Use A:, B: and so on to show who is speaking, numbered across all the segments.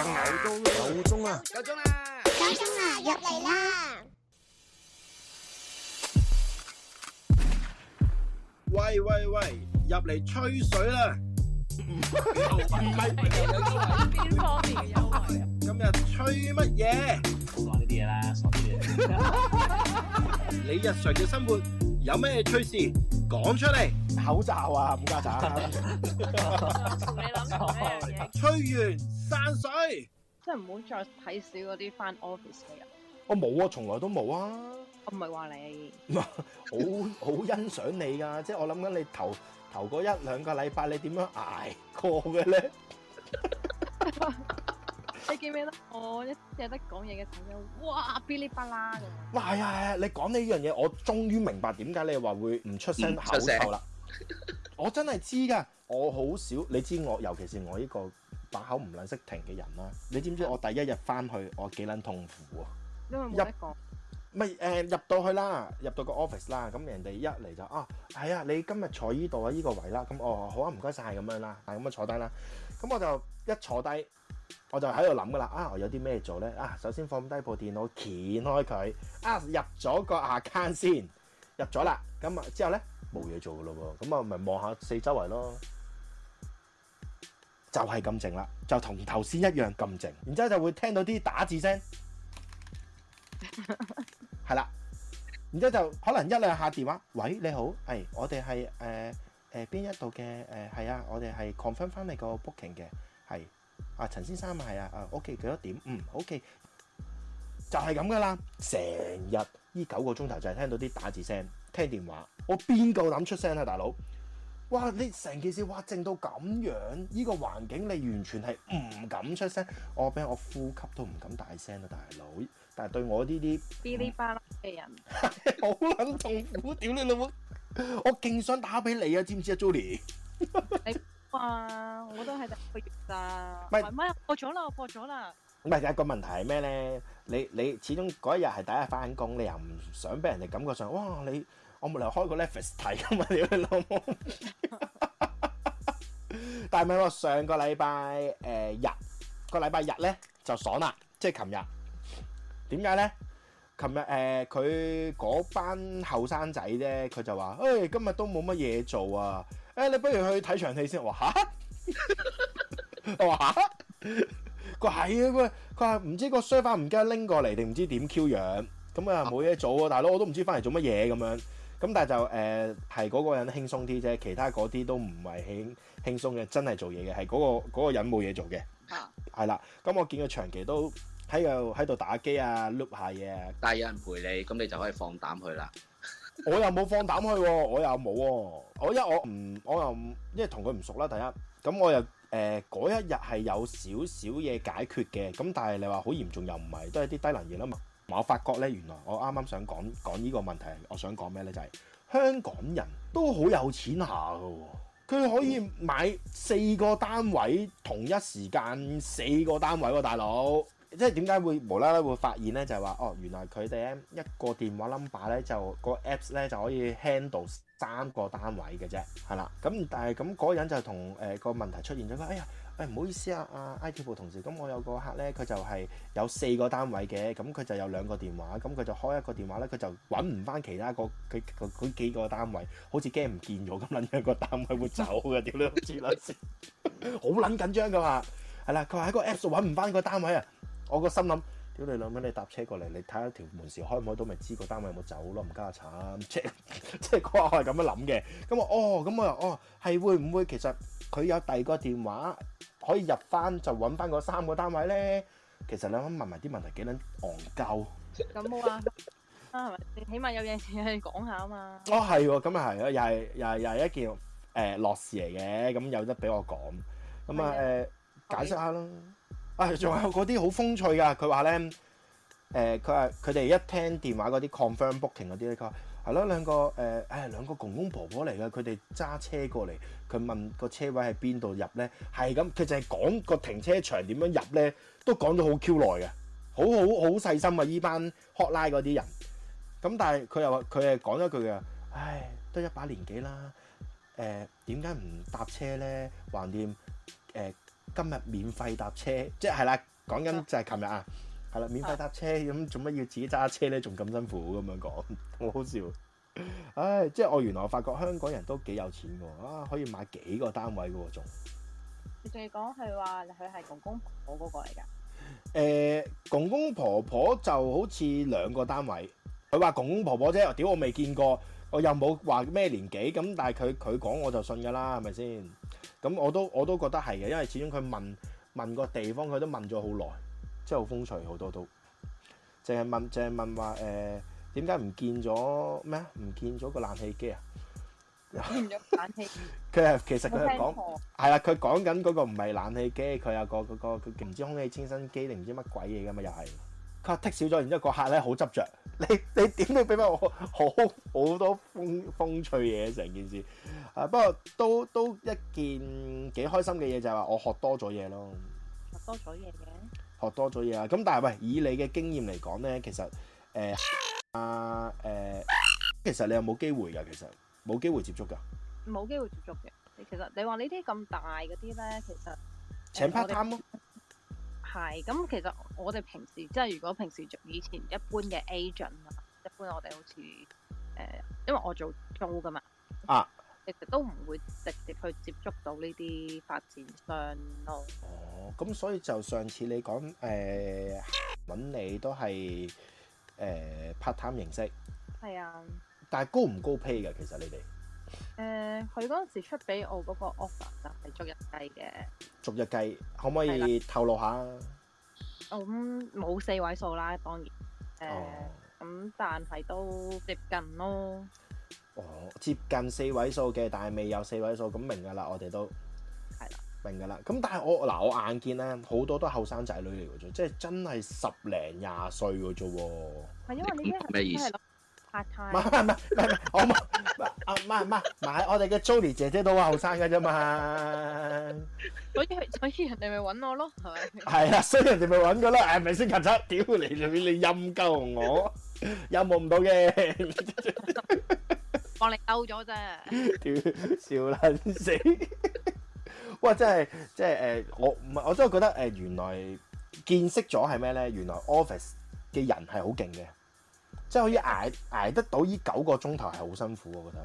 A: 夠鐘啊！夠鐘啊！夠鐘啊！入嚟啦！喂喂喂！入嚟吹水啦！唔係邊方面嘅優惠啊？今日吹乜嘢？冇講呢啲嘢啦，傻啲嚟！你日常嘅生活。有咩趣事？講出嚟。口罩啊，冚家鏟！你諗吹完散水，
B: 真係唔好再睇少嗰啲返 office 嘅人。
A: 我冇、哦、啊，從來都冇啊。
B: 我唔係話你，
A: 好好欣賞你噶，即係我諗緊你頭頭嗰一兩個禮拜你點樣捱過嘅咧？
B: 你記唔記得？我一有得講嘢嘅時
A: 候就嘩，哇，噼哩啪啦嘅。哇，係啊係啊！你講呢樣嘢，我終於明白點解你話會唔出聲,出聲口臭啦。 我真係知㗎，我好少你知我，尤其是我呢個把口唔撚識停嘅人啦。你知唔知我第一日翻去我幾撚痛苦啊？
B: 因
A: 為冇得講。咪誒入,、呃、入到去啦，入到個 office 啦，咁人哋一嚟就啊，係、哎、啊，你今日坐依度啊，依、呢個位啦，咁哦好啊，唔該晒。這」咁樣啦，但咁咪坐低啦。咁我就一坐低。我就喺度諗噶啦，啊，我有啲咩做咧？啊，首先放低部電腦，掀開佢，啊，入咗個 account 先，入咗啦。咁啊之後咧冇嘢做噶咯，咁啊咪望下四周圍咯，就係咁靜啦，就同頭先一樣咁靜。然之後就會聽到啲打字聲，係啦。然之後就可能一兩下電話，喂，你好，係，我哋係誒誒邊一度嘅誒係啊，我哋係 confirm 翻你個 booking 嘅係。啊，陳先生咪係啊，啊，O K 幾多點？嗯，O、OK, K 就係咁噶啦。成日依九個鐘頭就係聽到啲打字聲、聽電話，我邊夠膽出聲啊，大佬！哇，你成件事哇，靜到咁樣，依、這個環境，你完全係唔敢出聲，我俾我呼吸都唔敢大聲啊，大佬！但係對我呢啲噼
B: 哩啪啦嘅人，
A: 好撚痛苦，屌你老母！我勁想打俾你啊，知唔知啊 Jolie
B: 哇！我都係第一個月咋，唔係咩？我過咗啦，我
A: 過咗啦。唔係第一個問題係咩咧？你你始終嗰一日係第一日翻工，你又唔想俾人哋感覺上哇，你我冇嚟開個 Levys 睇噶嘛，屌你老母！ 但係咪話上個禮拜誒日、個禮拜日咧就爽啦，即係琴日。點解咧？琴日誒，佢、呃、嗰班後生仔咧，佢就話：誒、hey,，今日都冇乜嘢做啊！誒、欸，你不如去睇場戲先。話嚇，話嚇，佢係啊！佢佢話唔知個書包唔記得拎過嚟，定唔知點 Q 樣咁啊，冇嘢做啊！啊啊樣樣做大佬我都唔知翻嚟做乜嘢咁樣。咁但係就誒，係、呃、嗰個人輕鬆啲啫，其他嗰啲都唔係輕輕鬆嘅，真係做嘢嘅，係嗰、嗰個嗰個人冇嘢做嘅。嚇、啊，係啦。咁我見佢長期都喺度喺度打機啊碌下嘢、啊、但係有人陪你，咁你就可以放膽去啦。我又冇放膽去，我又冇，我因我唔，我又唔，因為同佢唔熟啦。第一，咁我又誒嗰、呃、一日係有少少嘢解決嘅，咁但係你話好嚴重又唔係，都係啲低能嘢啦嘛。我發覺咧，原來我啱啱想講講呢個問題，我想講咩咧，就係、是、香港人都好有錢下㗎，佢可以買四個單位同一時間四個單位喎、啊，大佬。即係點解會無啦啦會發現咧？就係、是、話哦，原來佢哋咧一個電話 number 咧就個 apps 咧就可以 handle 三個單位嘅啫，係啦。咁但係咁嗰人就同誒個問題出現咗，佢哎呀，誒、哎、唔好意思啊，阿、啊、IT 部同事，咁我有個客咧，佢就係有四個單位嘅，咁佢就有兩個電話，咁佢就開一個電話咧，佢就揾唔翻其他個佢佢幾個單位，好似驚唔見咗咁撚，一個單位會走嘅，點都知啦，好撚緊張噶嘛，係啦，佢話喺個 apps 揾唔翻個單位啊！我個心諗，屌你兩蚊，你搭車過嚟，你睇下條門匙開唔開到，咪知個單位有冇走咯，唔加慘，即即嗰下我係咁樣諗嘅。咁我哦，咁我又哦，係會唔會其實佢有第二個電話可以入翻，就揾翻嗰三個單位咧？其實兩蚊問埋啲問題幾撚戇鳩？
B: 咁好啊， 啊係
A: 咪？你起碼有嘢講下啊嘛。哦係，咁又係，又係又係一件誒樂、呃、事嚟嘅。咁有得俾我講，咁啊誒解釋下啦。啊，仲、哎、有嗰啲好風趣噶，佢話咧，誒、呃，佢話佢哋一聽電話嗰啲 confirm booking 嗰啲咧，佢話係咯兩個誒誒、呃哎、兩個公公婆婆嚟噶，佢哋揸車過嚟，佢問個車位喺邊度入咧，係咁，佢就係講個停車場點樣入咧，都講咗好 Q 耐嘅，好好好細心啊！依班 hotline 嗰啲人，咁但係佢又話佢係講咗句嘅，唉、哎，都一把年紀啦，誒、呃，點解唔搭車咧？橫掂誒？呃今日免費搭車，即係啦，講緊就係琴日啊，係啦，免費搭車，咁做乜要自己揸車咧？仲咁辛苦咁樣講，好好笑。唉，即係我原來我發覺香港人都幾有錢喎，啊，可以買幾個單位嘅喎仲。
B: 你仲要講佢話佢係公公婆婆嗰個嚟㗎？誒、
A: 呃，公公婆婆就好似兩個單位，佢話公公婆婆啫，屌我未見過，我又冇話咩年紀，咁但係佢佢講我就信㗎啦，係咪先？咁我都我都覺得係嘅，因為始終佢問問個地方，佢都問咗好耐，即係好風趣好多都，淨係問淨係問話誒點解唔見咗咩？唔見咗個冷氣機啊！咗冷氣機佢係 其實佢係講係啦，佢講緊嗰個唔係冷氣機，佢有、嗰個、嗰個唔知空氣清新機定唔知乜鬼嘢㗎嘛，又係。佢剔少咗，然之後個客咧好執着。你你點都俾翻我好好,好多風風趣嘢成件事，啊不過都都一件幾開心嘅嘢就係、是、話我學多咗嘢咯，學多咗嘢嘅，學多咗嘢啊！咁但係喂，以你嘅經驗嚟講咧，其實誒、呃、啊誒，呃、其實你有冇機會㗎，其實冇機會接觸㗎，冇機會
B: 接觸嘅。你其實你話呢啲咁大嗰啲咧，其實,這這其實
A: 請 part time 咯、呃。
B: 係咁，其實我哋平時即係如果平時做以前一般嘅 agent 啊，一般我哋好似誒，因為我做租噶嘛啊，亦都唔會直接去接觸到呢啲發展商咯。
A: 哦，咁所以就上次你講誒、呃、搵你都係誒、呃、part time 形式，
B: 係啊的，
A: 但係高唔高 pay 嘅？其實你哋。
B: 誒，佢嗰陣時候出俾我嗰個 offer 就係逐日計嘅，
A: 逐日計可唔可以透露下？
B: 咁冇四位數啦，當然有，誒、哦，咁但係都接近咯。
A: 哦，接近四位數嘅，但係未有四位數，咁明噶啦，我哋都係啦，明噶啦。咁但係我嗱，我眼見咧，好多都後生仔女嚟嘅啫，即係真係十零廿歲嘅啫。係因為你因為拍拖？唔唔唔唔唔，好唔啊，唔係唔我哋嘅 j o l y 姐姐都話後生嘅啫嘛。所
B: 以嗰啲人哋咪揾我咯，係咪？係啦，
A: 所以人哋咪揾佢咯，係咪先？柒柒、啊、屌、啊、你你你陰我，又望唔到嘅。
B: 幫你兜咗啫。
A: 笑卵死！哇，真係真係誒，我唔係我真係覺得誒，原來見識咗係咩咧？原來 Office 嘅人係好勁嘅，即係可以捱捱得到依九個鐘頭係好辛苦的，我覺得。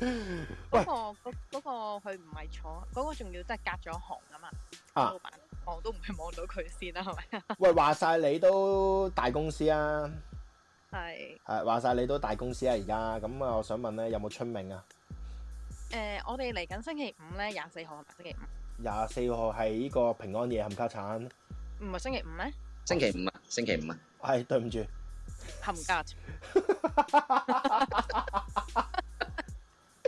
B: 嗰、那個喂個佢唔係坐，嗰、那個仲要真係隔咗行㗎嘛，
A: 老
B: 我、哦、都唔係望到佢先啦、啊，係咪？
A: 喂，話晒 你都大公司啊，
B: 係
A: 是，係話晒你都大公司啊，而家咁啊，我想問咧，有冇春茗啊？
B: 誒、呃，我哋嚟緊星期五咧，廿四號係咪星期五？
A: 廿四號係呢個平安夜冚家產，唔係星期五咩？星期五啊，星期五啊，係、哎、對唔住，
B: 冚家。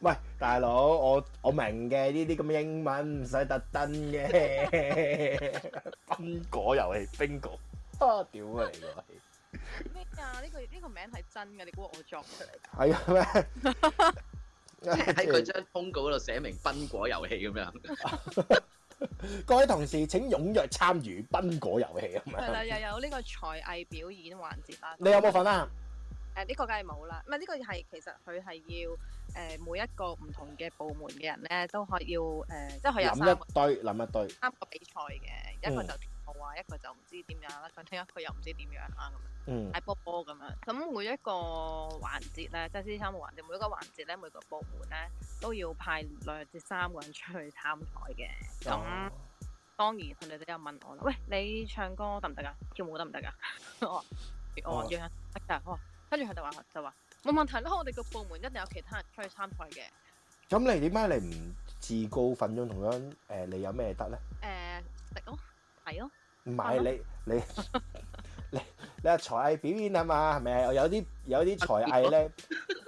A: 喂，大佬，我我明嘅，呢啲咁嘅英文唔使特登嘅。賓果遊戲，賓果，啊屌啊你個遊戲！
B: 咩啊？呢個呢個名係真嘅，你估我作出
A: 嚟噶？係咩？喺佢張通告度寫明賓果遊戲咁樣。各位同事，請踴躍參與賓果遊戲咁樣。係啦，又
B: 有呢個才藝表演環節啦。你有冇份啊？誒呢個梗係冇啦，唔係呢個係其實佢係要誒每一個唔同嘅部門嘅人咧，都可以要誒，即係佢有三對，
A: 諗一堆三
B: 個比賽嘅，一個就跳舞啊，一個就唔知點樣啦，咁另一個又唔知點樣啦咁樣，嗯，踩波波咁樣。咁每一個環節咧，即係呢三個環節，每一個環節咧，每，個，呢每個部門咧，都要派兩至三個人出去參賽嘅。咁、哦、當然佢哋都有問我，喂，你唱歌得唔得啊？跳舞得唔得啊？ 我說了我樣得㗎。跟住佢就話就話冇問題咯，我哋個部門一定有其他人出去參賽嘅。
A: 咁你點解你唔自告奮勇，同樣誒你有咩得咧？
B: 誒，食
A: 咯，睇咯。唔係你你你你係才藝表演啊嘛？係咪啊？我有啲有啲才藝咧，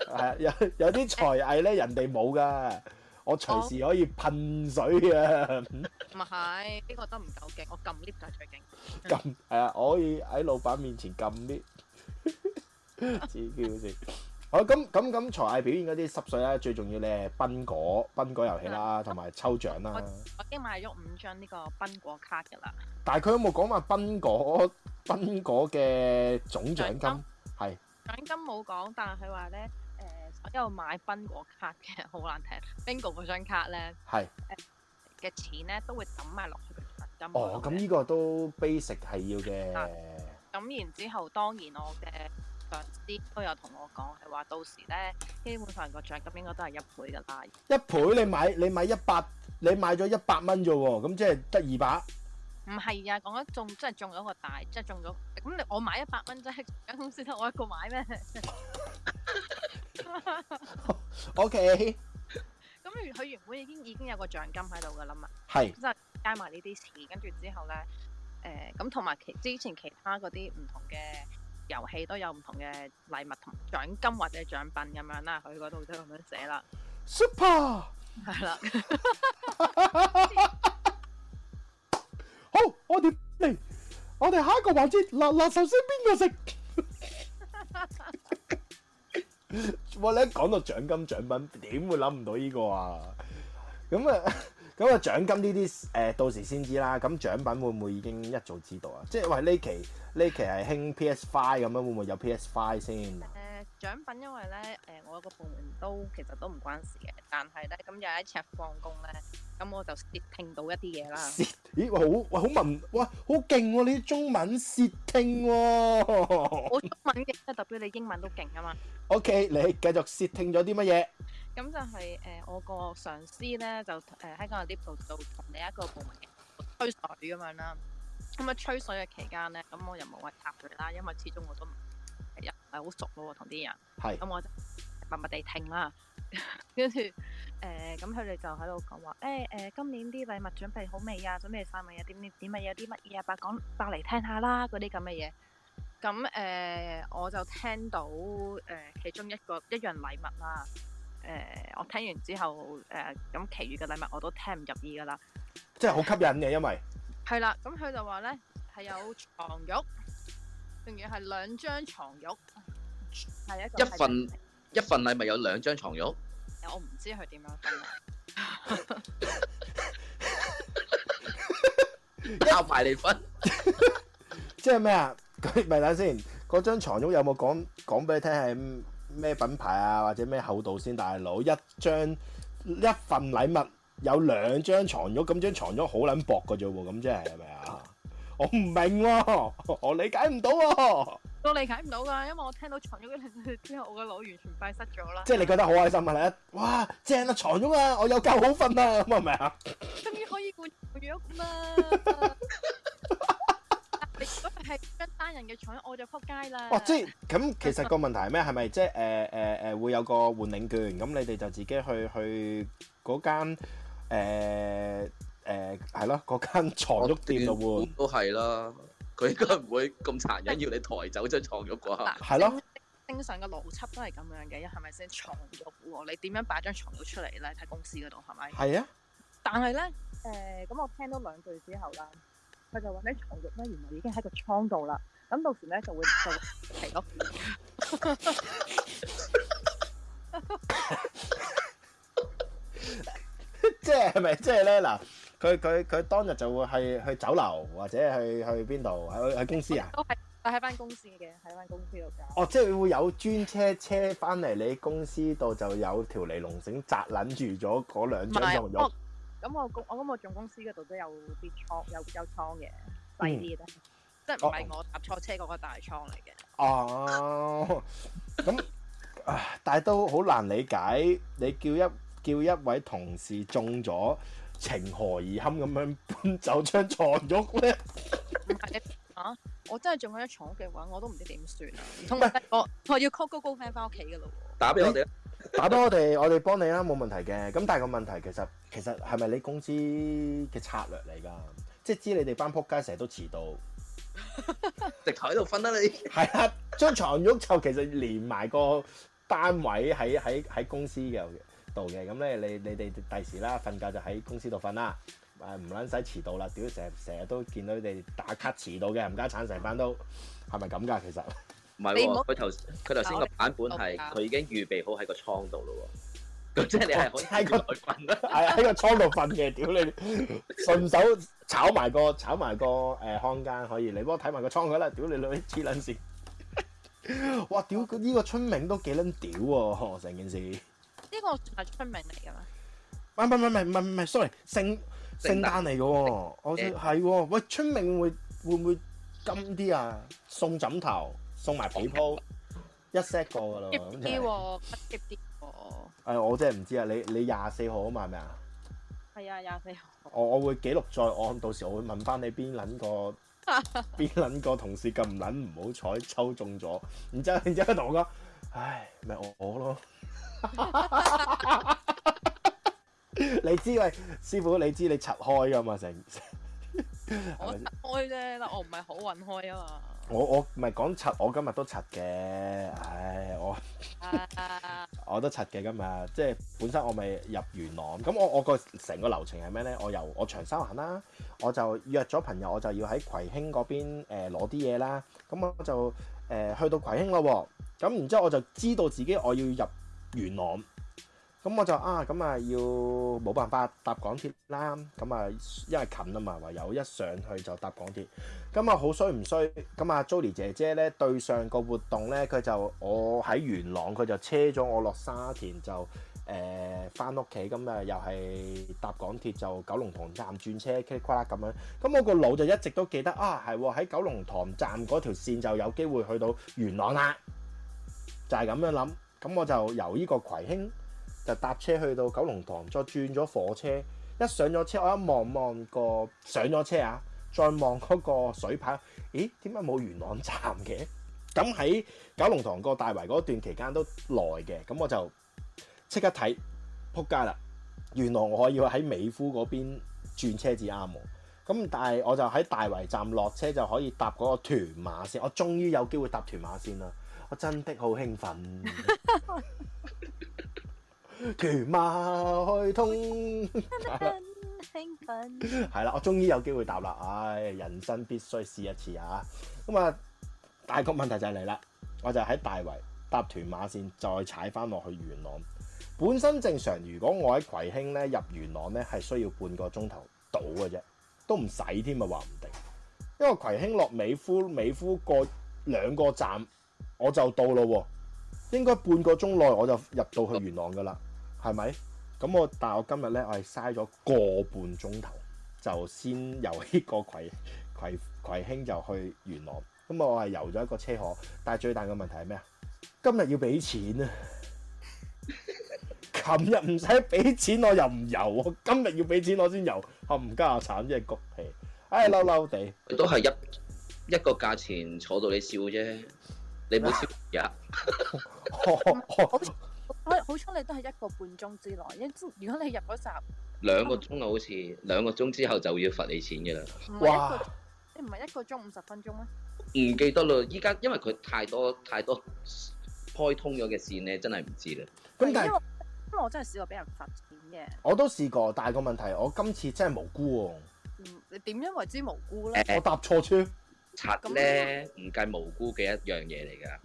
A: 係
B: 有
A: 有啲才藝咧，人哋冇噶，我隨時可以噴水啊！唔係呢個都
B: 唔夠勁，我撳 lift 就最
A: 勁。撳，係啊，我可以喺老闆面前撳 lift。刺激 好，咁咁咁，才藝表演嗰啲濕碎咧，最重要咧係賓果賓果遊戲啦，同埋、嗯、抽獎啦。
B: 我已經買咗五張呢個賓果卡噶
A: 啦。但係佢有冇講話賓果賓果嘅總獎金係？
B: 獎金冇講，但係佢話咧，誒，所有買賓果卡嘅好難聽，bingo 嗰張卡咧係誒嘅錢咧都會抌埋落去獎金。哦，咁
A: 呢個都 basic 係要嘅。
B: 咁然之後，當然我嘅。上司都有同我講，係話到時咧，基本上個獎金應該都係一倍嘅啦。
A: 一倍你買你買一百，你買咗一百蚊啫喎，咁即係得二百。
B: 唔係啊，講緊中，即係中咗個大，即係中咗。咁你我買一百蚊，即係間公司得我一個買咩？O K。咁原佢原本已經已經有個獎金喺度噶啦嘛。係是。即係加埋呢啲事。跟住之後咧，誒、呃，咁同埋其之前其他嗰啲唔同嘅。遊戲都有唔同嘅禮物同獎金或者獎品咁樣啦，佢嗰度都咁樣寫啦。
A: Super，係啦。好，我哋嚟，我哋下一個環節。嗱嗱，首先邊個食？哇！你一講到獎金獎品，點會諗唔到呢個啊？咁啊～咁啊，獎金呢啲誒，到時先知啦，咁獎品會唔會已經一早知道啊？即係喂，呢期呢期係興 PS Five 咁樣，會唔會有 PS Five 先？誒，
B: 獎品因為咧誒，我個部門都其實都唔關事嘅，但係咧，咁有一日放工咧，咁我就竊聽到一啲嘢啦。竊，
A: 咦？哇好哇好文哇好勁喎！你啲中文竊聽喎。我
B: 中文勁，特別你英文都勁啊嘛。
A: OK，你繼續竊聽咗啲乜嘢？
B: 咁就係、是、誒、呃，我個上司咧就誒喺個 lift 度做同你一個部門吹水咁樣啦。咁、嗯、啊吹水嘅期間咧，咁、嗯、我又冇係插佢啦，因為始終我都唔係好熟咯、啊，同啲人。係是。咁、嗯、我就默默地聽啦。跟住誒，咁佢哋就喺度講話，誒誒、哎呃，今年啲禮物準備好未啊？準備晒未啊？點點點咪有啲乜嘢？白講白嚟聽下啦，嗰啲咁嘅嘢。咁、嗯、誒、呃，我就聽到誒、呃、其中一個一樣禮物啦、啊。誒、呃，我聽完之後，誒、呃，咁其餘嘅禮物我都聽唔入耳噶啦，
A: 即係好吸引嘅，因為
B: 係啦，咁佢就話咧，係有床褥，仲要係兩張床褥，係一,一份
A: 一份禮物有兩張床褥，嗯、
B: 我唔知佢點樣
A: 分，交牌嚟分，即係咩啊？佢咪等先，嗰張床褥有冇講講俾你聽係？咩品牌啊，或者咩厚度先，大佬？一張一份禮物有兩張床褥，咁張床褥好撚薄嘅啫喎，咁即係係咪啊？我唔明喎、啊，我理解唔到喎，我理解唔
B: 到㗎，因為我聽到床褥嘅之後，
A: 我個腦完全閉塞咗啦。即係你覺得好開心啊？你一哇正啊，床褥啊，我有夠好瞓啊，咁係咪啊？終於可以換牀
B: 褥
A: 啦！
B: 你如果係一單人嘅床，我就扑街啦。哦，即
A: 係咁，其實個問題係咩？係咪即係誒誒誒會有個換領券？咁你哋就自己去去嗰間誒誒係咯，嗰、呃、間、呃、床褥店咯，換都係啦。佢應該唔會咁殘忍，但要你抬走張床褥過後，係咯、
B: 啊？正常嘅邏輯都係咁樣嘅，係咪先床褥？你點樣擺張床褥出嚟咧？喺公司嗰度係咪？係啊，是的但係咧，誒、呃，咁我聽到兩句之後啦。佢就話咧，藏肉咧，原來已經喺個倉度啦。咁到時咧就會做
A: 係咯。即係係咪？即係咧嗱，佢佢佢當日就會去去酒樓，或者去去邊度？喺喺公司啊？我係我喺翻公司嘅，
B: 喺翻公司
A: 度㗎。哦，即係會有專車車翻嚟你公司度，就有條尼龍繩紮撚住咗嗰兩張肉。
B: 咁我公我咁我總公司嗰度都有啲倉有有倉嘅細啲嘅，嗯、即係唔係我搭錯車嗰個大倉嚟
A: 嘅。哦，咁啊，嗯、但係都好難理解，你叫一叫一位同事中咗，情何以堪咁樣搬走張床褥咧？
B: 啊，我真係中咗一床屋嘅話，我都唔知點算、欸、啊！同我我要 call 個 girlfriend 翻屋企噶咯。
A: 打俾我哋打多我哋，我哋幫你啦，冇問題嘅。咁但係個問題其實其實係咪你公司嘅策略嚟㗎？即係知你哋班仆街成日都遲到， 直頭喺度瞓啦你。係啦，張床褥就其實連埋個單位喺喺喺公司嘅度嘅。咁咧你你哋第時啦瞓覺就喺公司度瞓啦。誒唔撚使遲到啦，屌成日成日都見到你哋打卡遲到嘅，冚家鏟成班都係咪咁㗎？其實。唔係喎，佢頭佢頭先個版本係佢已經預備好喺個倉度啦喎。咁即係你係可以喺個倉度瞓啦，喺個倉度瞓嘅屌你，順手炒埋個炒埋個誒康間可以。你幫我睇埋個倉佢啦，屌你女黐撚線。哇！屌呢個春茗都幾撚屌喎成件事。
B: 呢
A: 個係春茗嚟㗎咩？唔唔唔唔唔唔，sorry，聖聖誕嚟喎。我係喂春茗會會唔會金啲啊？送枕頭。送埋被鋪，那個、一 set 過噶咯。就是、急啲
B: 喎，不
A: 急啲、哎、我真係唔知是是啊！你你廿四號吖嘛？係咪啊？係啊，廿四
B: 號。
A: 我我會記錄再按，到時我會問翻你邊撚個邊撚 個同事咁撚唔好彩抽中咗，然之後然之後同我講，唉，咪我我咯。 你知喂，師傅你知你拆開噶嘛成。我
B: 開啫，但我唔係好運開啊嘛。
A: 我我唔係講柒，我今日都柒嘅，唉，我、啊、 我都柒嘅今日，即係本身我咪入元朗咁，我我個成個流程係咩咧？我由我長沙灣啦，我就約咗朋友，我就要喺葵興嗰邊誒攞啲嘢啦。咁、呃、我就誒、呃、去到葵興咯，咁然之後我就知道自己我要入元朗。咁我就啊，咁啊要冇辦法搭港鐵啦。咁啊，因為近啊嘛，唯有一上去就搭港鐵。咁啊好衰唔衰？咁啊 Jolie 姐姐咧對上個活動咧，佢就我喺元朗，佢就車咗我落沙田就誒翻屋企。咁啊又係搭港鐵就九龍塘站轉車 quickly 咁樣。咁我個腦就一直都記得啊，係喺九龍塘站嗰條線就有機會去到元朗啦。就係咁樣諗。咁我就由呢個葵興，就搭車去到九龍塘，再轉咗火車。一上咗車，我一望望、嗰個上咗車啊，再望嗰個水牌，咦？點解冇元朗站嘅？咁喺九龍塘個大圍嗰段期間都耐嘅，咁我就即刻睇，撲街啦！元朗我可以喺美孚嗰邊轉車至啱喎。咁但係我就喺大圍站落車就可以搭嗰個屯馬線，我終於有機會搭屯馬線啦！我真的好興奮。 屯馬開通，係啦， 我終於有機會搭啦，唉、哎，人生必須試一次啊！咁啊，但係個問題就嚟啦，我就喺大圍搭屯馬線，再踩翻落去元朗。本身正常，如果我喺葵興咧入元朗咧，係需要半個鐘頭到嘅啫，都唔使添啊，話唔定。因為葵興落美孚，美孚過兩個站我就到咯，啊，應該半個鐘內我就入到去元朗噶啦。係咪？咁我但係我今日咧，我係嘥咗個半鐘頭，就先游呢個葵葵葵興就去元朗。咁我係游咗一個車河，但係最大嘅問題係咩啊？今日要俾錢啊！琴日唔使俾錢我又唔游，今日要俾錢我先游。冚家鏟真係谷皮，唉嬲嬲地。佢都係一一個價錢坐到你笑啫，你冇笑
B: 呀？好彩你都係一個半鐘之內，一如果你入咗閘，
A: 兩個鐘啊，好似兩個鐘之後就要罰你錢嘅啦。唔
B: 係唔係一個鐘五十分鐘咩？
A: 唔記得啦，依家因為佢太多太多開通咗嘅線咧，真係唔知啦。咁但
B: 係，因為我真係試過俾人罰錢嘅，
A: 我都試過，但係個問題我今次真係無辜
B: 喎。你點樣為之無辜咧？欸、我
A: 搭錯車。拆咧，唔計無辜嘅一樣嘢嚟㗎，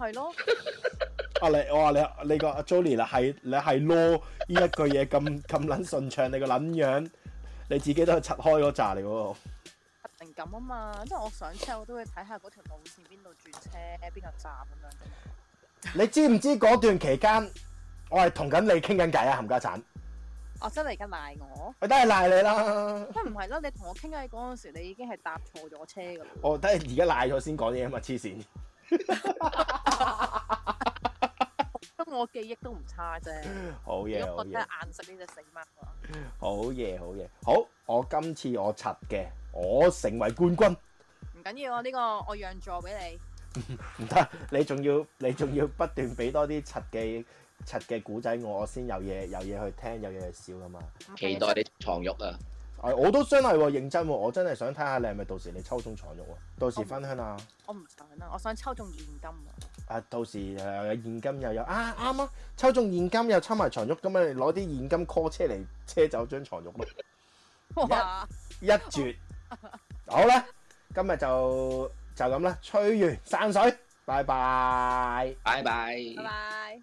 A: 係咯的。阿、 啊、你我話你，你個阿 Jolie 啦，係你係攞呢一句嘢咁咁撚順暢，你個撚樣你自己都係拆開嗰扎嚟喎。
B: 靈感啊嘛，即係我上車我都會睇下嗰條路線邊度轉車，邊個站咁樣。
A: 你知唔知嗰段期間我係同緊你傾緊偈啊，冚家鏟？
B: 我真係而家賴我，我都係賴你啦。乜唔係咧？你同我傾偈嗰陣時，你已經係搭錯咗車噶啦。
A: 我都係而家賴咗先講嘢啊嘛，黐線。
B: 咁我記憶都唔差啫。好嘢，好嘢。我睇眼識呢隻死馬。
A: 好嘢，好嘢。好，我今次我柒嘅，我成為冠軍。
B: 唔緊要啊，呢個我讓座俾你。
A: 唔得，你仲要，你仲要不斷俾多啲柒嘅。七嘅古仔，我先有嘢有嘢去聽，有嘢去笑噶嘛？期待你床褥啊！啊、哎，我都真係認真，我真係想睇下你係咪到時你抽中床褥啊？到時分享下！我唔
B: 想啊，我想抽中現金
A: 啊！啊，到時又有、呃、現金又有啊，啱啊！抽中現金又抽埋床褥，咁咪攞啲現金 call 車嚟車走張床褥咯，一絕 好啦！今日就就咁啦，吹完散水，拜拜，拜拜，拜
B: 拜。